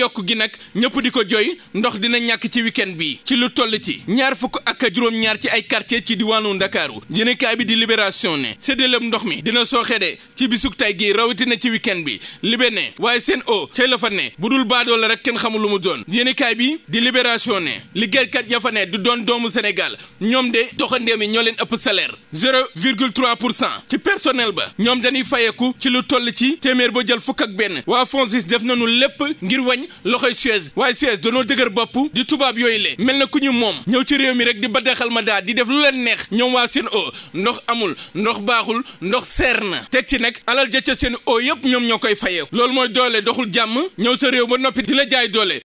yokk gi nag ñëpp di ko joy ndox dina ñàkk ci week bi ci lu toll ci ñaar fukk ak juróom-ñaar ci ay quartier ci diwaanu Ndakaaru yéenekaay bi di Libération ne séddaleem ndox mi dina sooxe ci bisug tay gi rawatina ci week bi libe waaye seen o tey la fa ne bu dul baadoo la rek kenn xamul lu mu doon yéenekaay bi di Libération ne liggéeykat ya fa ne du doon doomu Sénégal ñoom de doxandeem yi ñoo leen ëpp salaire 0,3 pour cent ci personnel ba ñoom dañuy fayeku ci lu toll ci téeméer ba jël fukk ak benn waa FONSIS def nañu lépp ngir wañ loxoy chaise waaye chaise danoo dëgër bopp di tubaab yooyu le mel na ku ñu moom ñëw ci réew mi rek di baddaxal ma daal di def lu leen neex ñoom waa seen o ndox amul ndox baaxul ndox seer na teg ci nag alal jëcca seen o yëpp ñoom ñoo koy fayee loolu mooy doole doxul jàmm ñëw sa réew ba noppi di la jaay doole